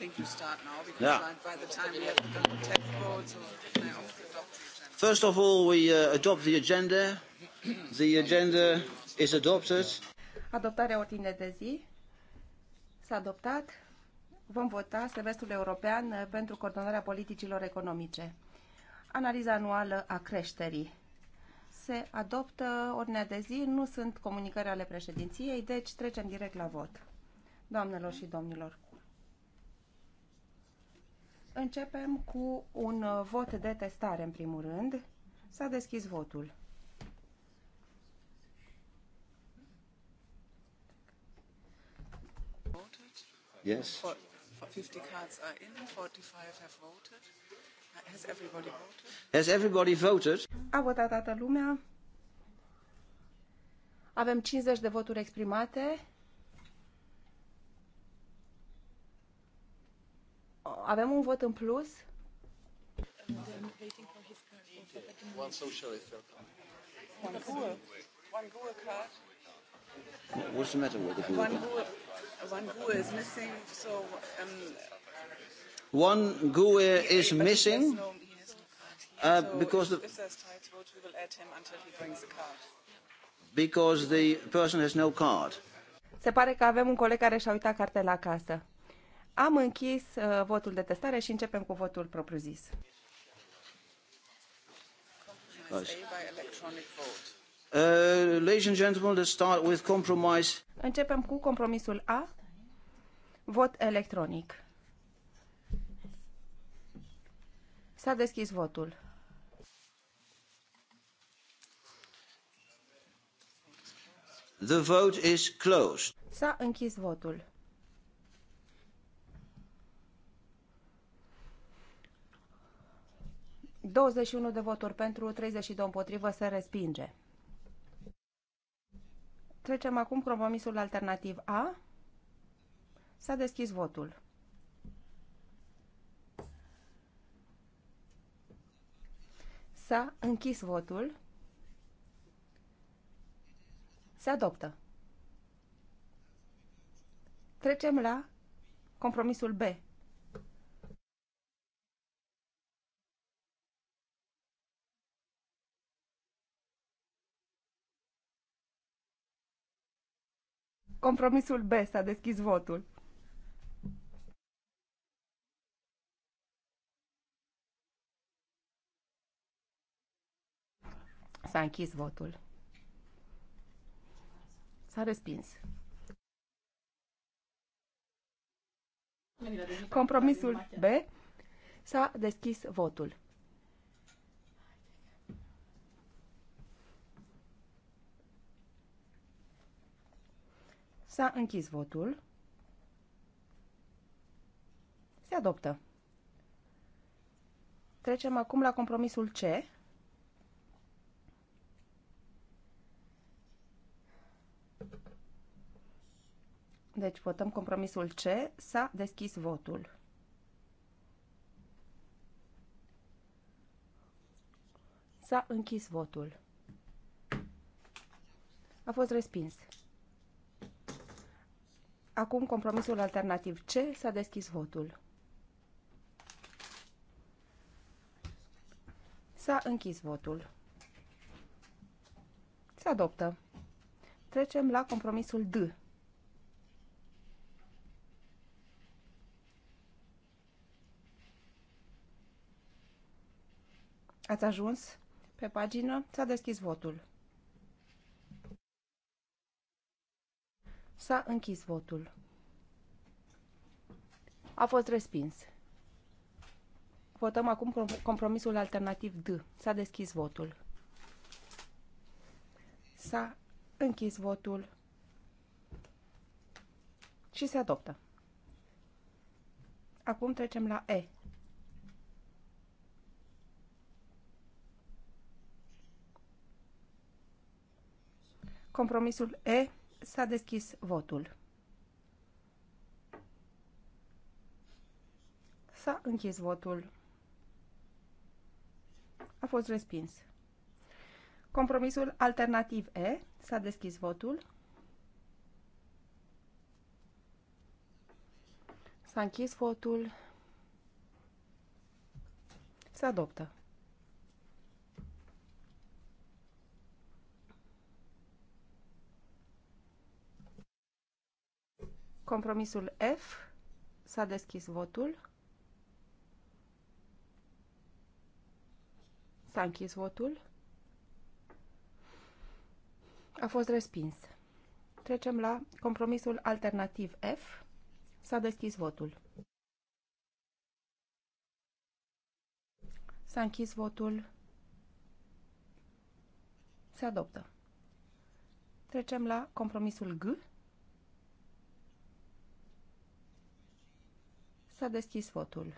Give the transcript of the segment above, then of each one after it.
think you start now because yeah. by the time we have done votes, First of all, we uh, adopt the agenda. The agenda is adopted. Adoptarea ordinei de zi. S-a adoptat. Vom vota semestrul european uh, pentru coordonarea politicilor economice. Analiza anuală a creșterii se adoptă ordinea de zi, nu sunt comunicări ale președinției, deci trecem direct la vot. Doamnelor și domnilor, Începem cu un uh, vot de testare, în primul rând. S-a deschis votul. Yes. 50 cards are in, 45 have voted. Has everybody voted? Has everybody voted? A votat toată lumea. Avem 50 de voturi exprimate. avem un vot în plus? What's the matter with the GUE? One GUE, is missing, so... Um, one GUE is missing? Uh, because the, because the person has no card. Se pare că avem un coleg care și-a uitat cartea la casă. Am închis uh, votul de testare și începem cu votul propriu-zis. Uh, compromise. Începem cu compromisul A. Vot electronic. S-a deschis votul. The vote is closed. S-a închis votul. 21 de voturi pentru, 32 împotrivă, se respinge. Trecem acum compromisul alternativ A. S-a deschis votul. S-a închis votul. Se adoptă. Trecem la compromisul B. Compromisul B s-a deschis votul. S-a închis votul. S-a respins. Compromisul B s-a deschis votul. S-a închis votul. Se adoptă. Trecem acum la compromisul C. Deci votăm compromisul C. S-a deschis votul. S-a închis votul. A fost respins. Acum compromisul alternativ C. S-a deschis votul. S-a închis votul. Se adoptă. Trecem la compromisul D. Ați ajuns pe pagină, s-a deschis votul. S-a închis votul. A fost respins. Votăm acum compromisul alternativ D. S-a deschis votul. S-a închis votul și se adoptă. Acum trecem la E. Compromisul E S-a deschis votul. S-a închis votul. A fost respins. Compromisul alternativ E. S-a deschis votul. S-a închis votul. Se adoptă. Compromisul F. S-a deschis votul. S-a închis votul. A fost respins. Trecem la compromisul alternativ F. S-a deschis votul. S-a închis votul. Se adoptă. Trecem la compromisul G. S-a deschis votul.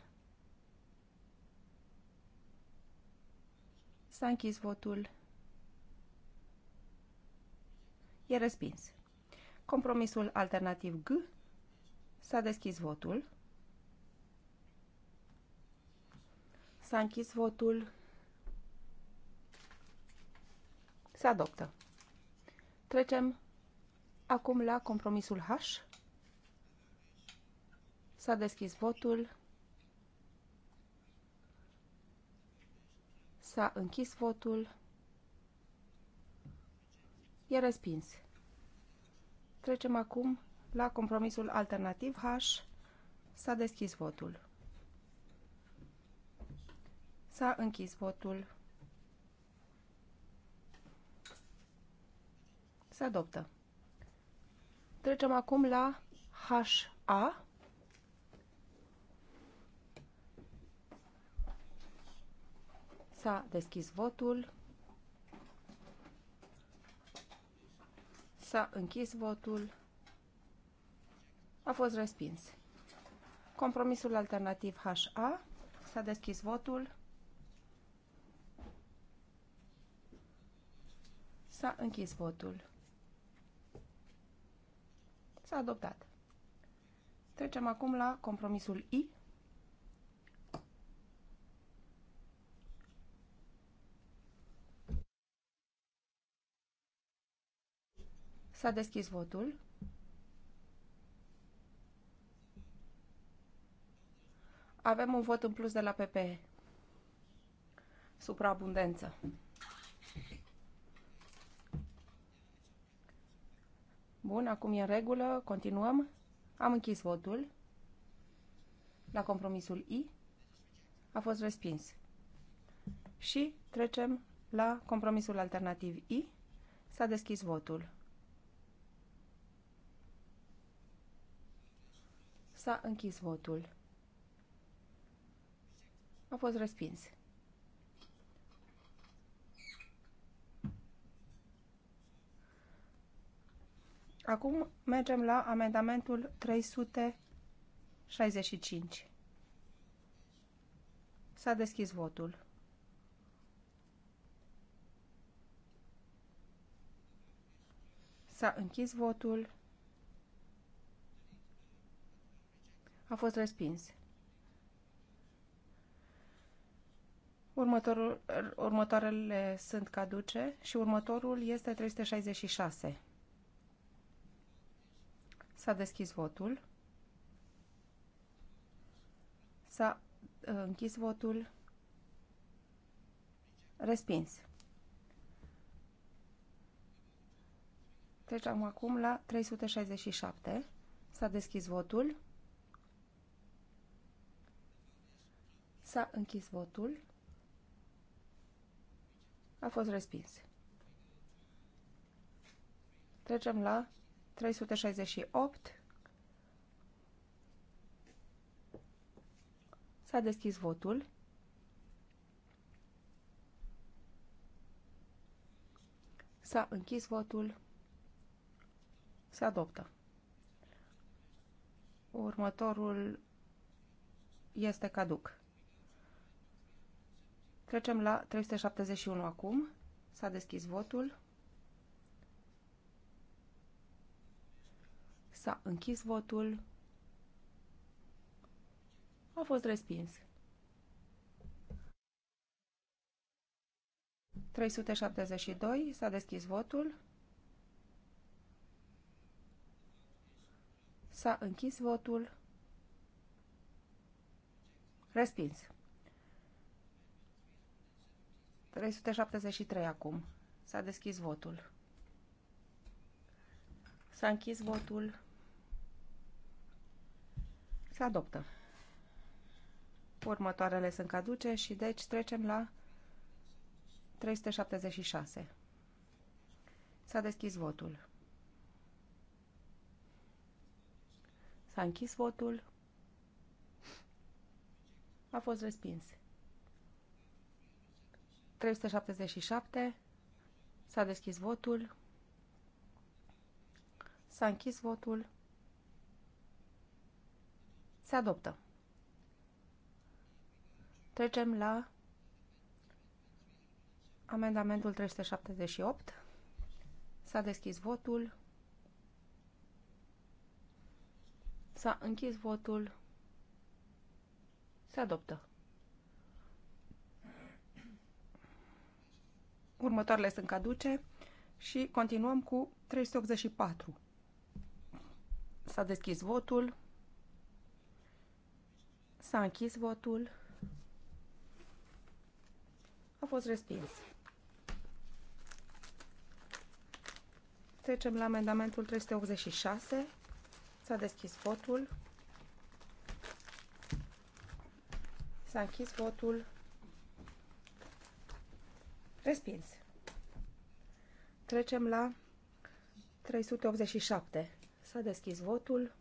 S-a închis votul. E respins. Compromisul alternativ G. S-a deschis votul. S-a închis votul. Se adoptă. Trecem acum la compromisul H. S-a deschis votul. S-a închis votul. E respins. Trecem acum la compromisul alternativ H. S-a deschis votul. S-a închis votul. Se adoptă. Trecem acum la HA. S-a deschis votul. S-a închis votul. A fost respins. Compromisul alternativ HA. S-a deschis votul. S-a închis votul. S-a adoptat. Trecem acum la compromisul I. S-a deschis votul. Avem un vot în plus de la PPE. Supraabundență. Bun, acum e în regulă. Continuăm. Am închis votul. La compromisul I a fost respins. Și trecem la compromisul alternativ I. S-a deschis votul. S-a închis votul. A fost respins. Acum mergem la amendamentul 365. S-a deschis votul. S-a închis votul. A fost respins. Următorul, următoarele sunt caduce și următorul este 366. S-a deschis votul. S-a uh, închis votul. Respins. Trecem acum la 367. S-a deschis votul. S-a închis votul. A fost respins. Trecem la 368. S-a deschis votul. S-a închis votul. Se adoptă. Următorul este caduc. Trecem la 371 acum. S-a deschis votul. S-a închis votul. A fost respins. 372. S-a deschis votul. S-a închis votul. Respins. 373 acum. S-a deschis votul. S-a închis votul. Se adoptă. Următoarele sunt caduce și deci trecem la 376. S-a deschis votul. S-a închis votul. A fost respins. 377. S-a deschis votul. S-a închis votul. Se adoptă. Trecem la amendamentul 378. S-a deschis votul. S-a închis votul. Se adoptă. Următoarele sunt caduce și continuăm cu 384. S-a deschis votul. S-a închis votul. A fost respins. Trecem la amendamentul 386. S-a deschis votul. S-a închis votul. Respins. Trecem la 387. S-a deschis votul.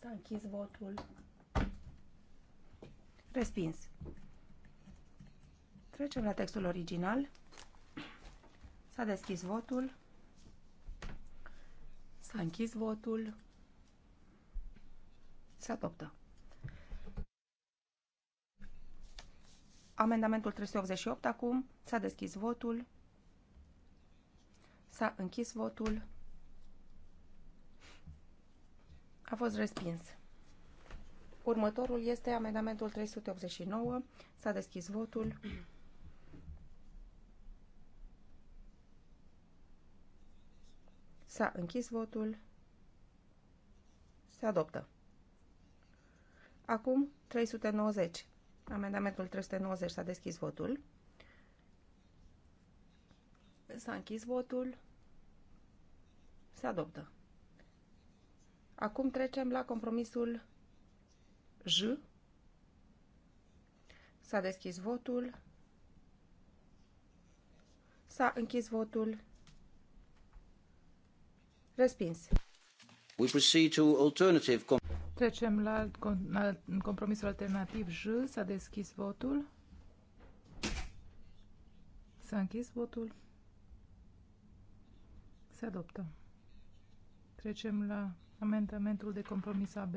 S-a închis votul. Respins. Trecem la textul original. S-a deschis votul. S-a închis votul. Se adoptă. Amendamentul 388 acum. S-a deschis votul. S-a închis votul. A fost respins. Următorul este amendamentul 389. S-a deschis votul. S-a închis votul. Se adoptă. Acum 390. Amendamentul 390 s-a deschis votul. S-a închis votul. Se adoptă. Acum trecem la compromisul J. S-a deschis votul. S-a închis votul. Respins. We proceed to alternative Trecem la, la compromisul alternativ J. S-a deschis votul. S-a închis votul. Se adoptă. Trecem la amendamentul de compromis AB.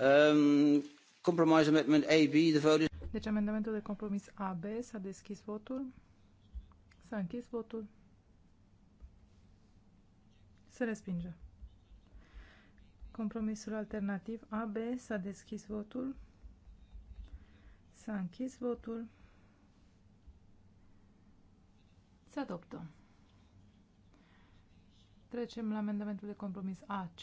Um, compromise amendment AB, the vote is... Deci amendamentul de compromis AB s-a deschis votul. S-a închis votul. Se respinge. Compromisul alternativ AB s-a deschis votul. S-a închis votul. Se adoptă. Trecem la amendamentul de compromis AC.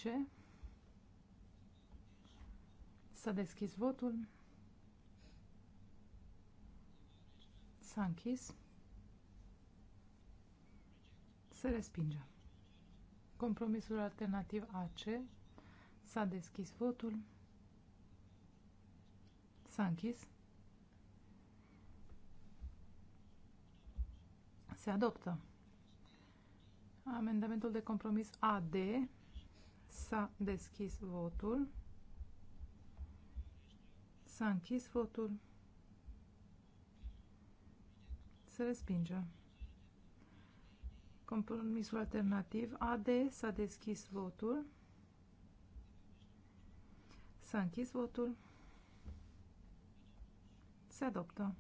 S-a deschis votul. S-a închis. Se respinge. Compromisul alternativ AC. S-a deschis votul. S-a închis. Se adoptă. Amendamentul de compromis AD. S-a deschis votul. S-a închis votul. Se respinge. Compromisul alternativ AD s-a deschis votul. S-a închis votul. Se adoptă.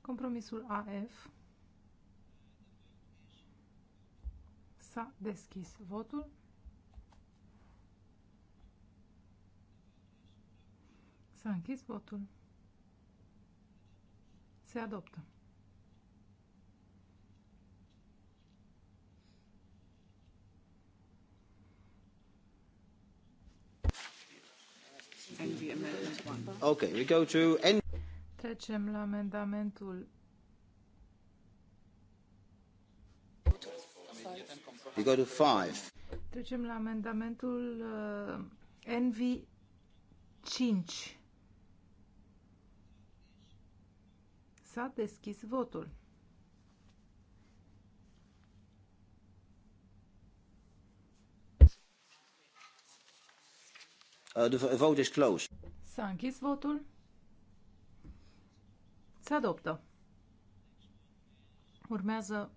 Compromisul AF s-a deschis votul. S-a închis votul. Se adoptă. Okay, we go to N Trecem la amendamentul We go to five. Trecem la amendamentul uh, NV 5. S-a deschis votul. Uh, the vote is closed. S-a închis votul. Se adoptă. Urmează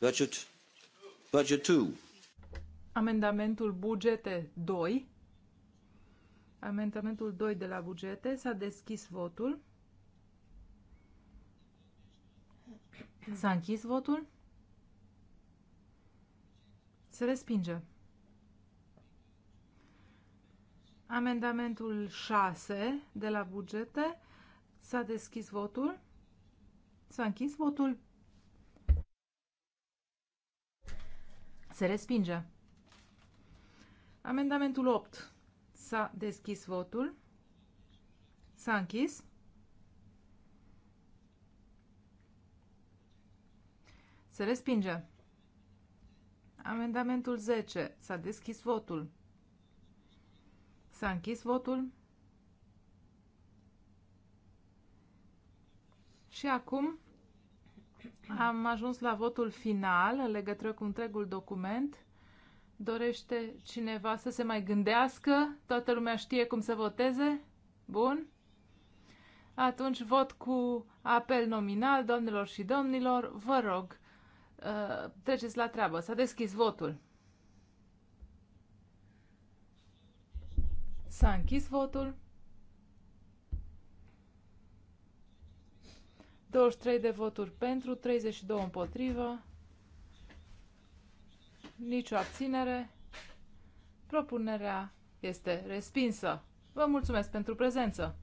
Budget, budget 2. Amendamentul bugete 2. Amendamentul 2 de la bugete. S-a deschis votul. S-a închis votul. Se respinge. Amendamentul 6 de la bugete. S-a deschis votul. S-a închis votul. Se respinge. Amendamentul 8 S-a deschis votul. S-a închis. Se respinge. Amendamentul 10. S-a deschis votul. S-a închis votul. Și acum am ajuns la votul final în legătură cu întregul document. Dorește cineva să se mai gândească? Toată lumea știe cum să voteze? Bun. Atunci vot cu apel nominal, domnilor și domnilor. Vă rog, uh, treceți la treabă. S-a deschis votul. S-a închis votul. 23 de voturi pentru, 32 împotrivă nicio abținere. Propunerea este respinsă. Vă mulțumesc pentru prezență!